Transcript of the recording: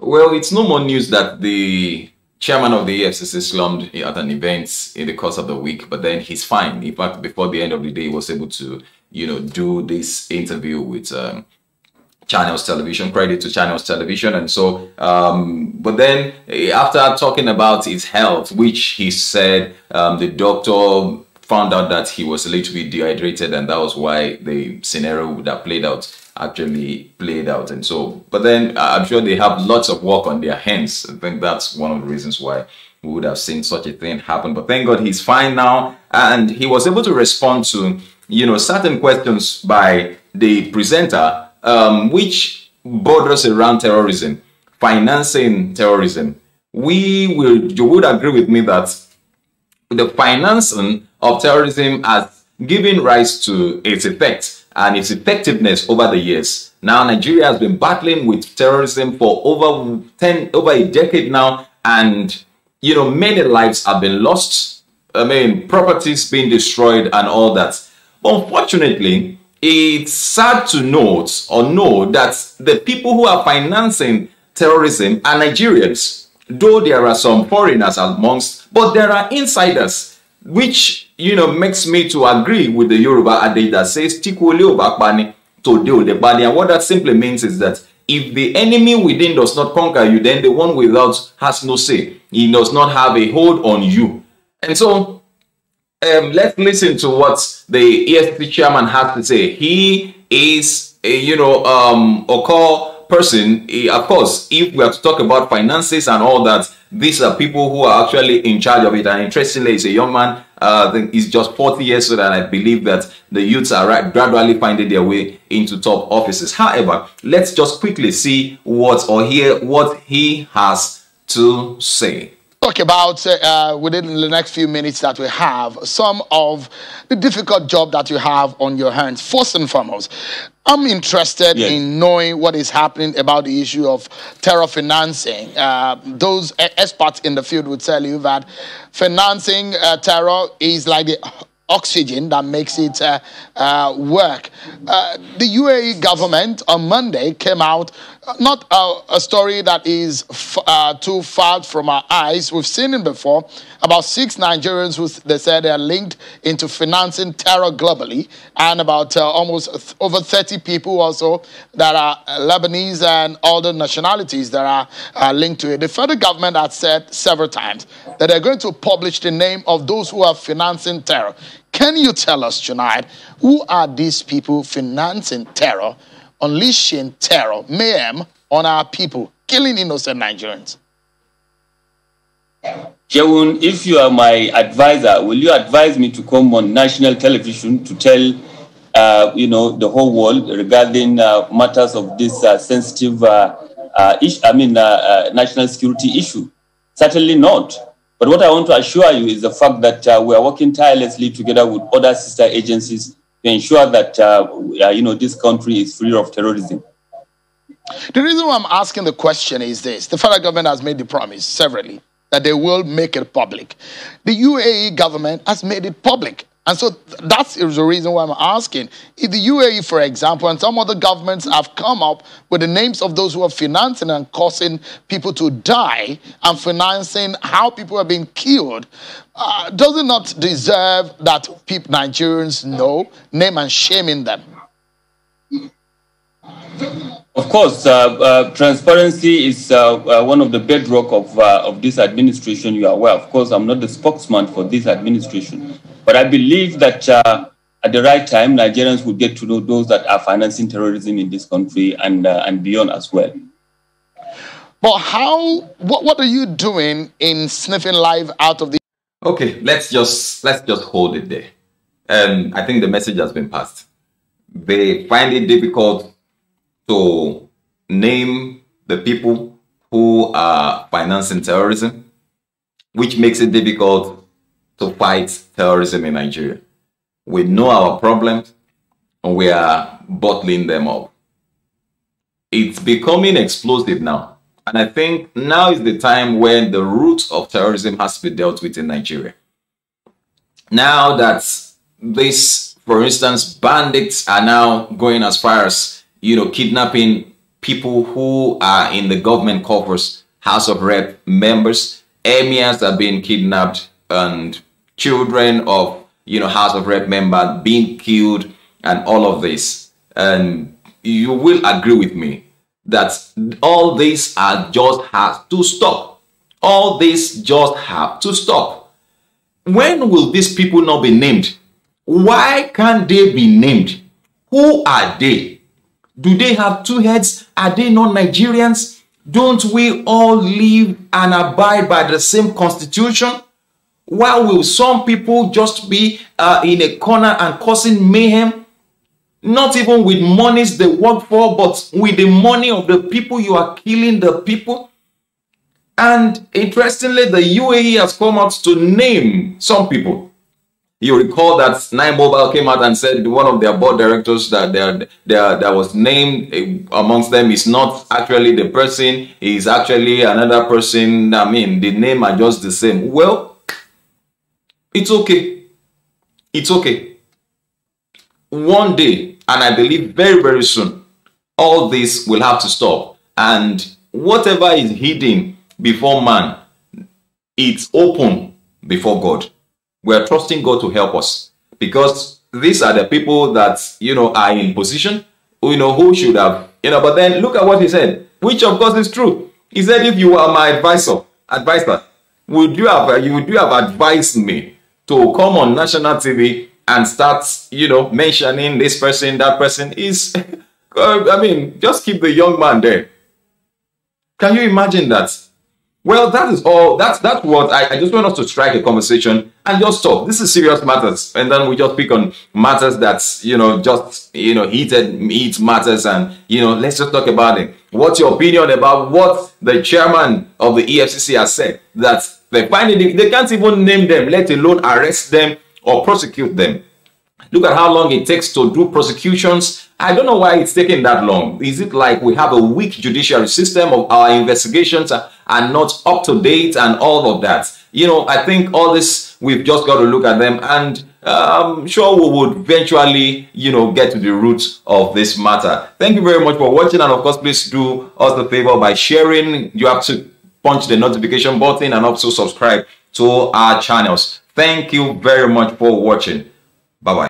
Well, it's no more news that the chairman of the EFCC slumped at an event in the course of the week, but then he's fine. In fact, before the end of the day, he was able to, you know, do this interview with um, Channels Television. Credit to Channels Television, and so, um, but then eh, after talking about his health, which he said um, the doctor found out that he was a little bit dehydrated, and that was why the scenario that played out actually played out and so but then i'm sure they have lots of work on their hands i think that's one of the reasons why we would have seen such a thing happen but thank god he's fine now and he was able to respond to you know certain questions by the presenter um, which borders around terrorism financing terrorism we will you would agree with me that the financing of terrorism has given rise to its effects and its effectiveness over the years. Now, Nigeria has been battling with terrorism for over 10, over a decade now, and, you know, many lives have been lost. I mean, properties being destroyed and all that. But unfortunately, it's sad to note or know that the people who are financing terrorism are Nigerians, though there are some foreigners amongst, but there are insiders, which you know, makes me to agree with the Yoruba adage that says Tikwole Obakpani, Tode Odebani. And what that simply means is that if the enemy within does not conquer you, then the one without has no say. He does not have a hold on you. And so, um, let's listen to what the EFT chairman has to say. He is, a, you know, um, a core person. He, of course, if we have to talk about finances and all that, these are people who are actually in charge of it. And interestingly, it's a young man. Uh, I think he's just 40 years old, and I believe that the youths are right, gradually finding their way into top offices. However, let's just quickly see what or hear what he has to say talk about uh, uh, within the next few minutes that we have some of the difficult job that you have on your hands. First and foremost, I'm interested in knowing what is happening about the issue of terror financing. Uh, those experts in the field would tell you that financing uh, terror is like the oxygen that makes it uh, uh, work. Uh, the UAE government on Monday came out not a, a story that is uh, too far from our eyes. We've seen it before. About six Nigerians who they said they are linked into financing terror globally, and about uh, almost th over 30 people also that are uh, Lebanese and other nationalities that are uh, linked to it. The federal government has said several times that they're going to publish the name of those who are financing terror. Can you tell us tonight who are these people financing terror? unleashing terror, mayhem on our people, killing innocent Nigerians. Jewun, if you are my advisor, will you advise me to come on national television to tell, uh, you know, the whole world regarding uh, matters of this uh, sensitive, uh, uh, ish, I mean, uh, national security issue? Certainly not. But what I want to assure you is the fact that we are working tirelessly together with other sister agencies to ensure that uh, uh, you know this country is free of terrorism. The reason why I'm asking the question is this: the federal government has made the promise severally that they will make it public. The UAE government has made it public and so that's the reason why I'm asking. If the UAE, for example, and some other governments have come up with the names of those who are financing and causing people to die and financing how people are being killed. Uh, does it not deserve that people, Nigerians know, name and shame in them? Of course, uh, uh, transparency is uh, uh one of the bedrock of, uh, of this administration. You are aware. Of course, I'm not the spokesman for this administration. But I believe that uh, at the right time, Nigerians will get to know those that are financing terrorism in this country and, uh, and beyond as well. But how, what, what are you doing in sniffing life out of the... Okay, let's just, let's just hold it there. Um, I think the message has been passed. They find it difficult to name the people who are financing terrorism, which makes it difficult to fight terrorism in Nigeria. We know our problems and we are bottling them up. It's becoming explosive now. And I think now is the time when the root of terrorism has to be dealt with in Nigeria. Now that this, for instance, bandits are now going as far as, you know, kidnapping people who are in the government covers, House of Rep members, emirs are being kidnapped and children of you know House of Rep member being killed and all of this. And you will agree with me that all these are just has to stop. All these just have to stop. When will these people not be named? Why can't they be named? Who are they? Do they have two heads? Are they not Nigerians? Don't we all live and abide by the same constitution? Why will some people just be uh, in a corner and causing mayhem? Not even with monies they work for, but with the money of the people, you are killing the people. And interestingly, the UAE has come out to name some people. You recall that Nine Mobile came out and said one of their board directors that there, that was named eh, amongst them is not actually the person, is actually another person. I mean, the name are just the same. Well, it's okay. It's okay. One day, and I believe very, very soon, all this will have to stop. And whatever is hidden before man, it's open before God. We are trusting God to help us because these are the people that you know are in position, you know, who should have, you know. But then look at what he said, which of course is true. He said, if you are my advisor, advisor, would you have you would you have advised me to come on national TV and start, you know, mentioning this person, that person is, uh, I mean, just keep the young man there. Can you imagine that? Well, that is all. That's that's what I, I, just want us to strike a conversation and just talk. This is serious matters, and then we just pick on matters that's you know just you know heated meat matters, and you know let's just talk about it. What's your opinion about what the chairman of the EFCC has said? That they finally they can't even name them, let alone arrest them or prosecute them. Look at how long it takes to do prosecutions. I don't know why it's taking that long. Is it like we have a weak judiciary system of our investigations? Are, and not up to date and all of that. You know, I think all this, we've just got to look at them and um, sure we would eventually, you know, get to the root of this matter. Thank you very much for watching and of course, please do us the favor by sharing. You have to punch the notification button and also subscribe to our channels. Thank you very much for watching. Bye-bye.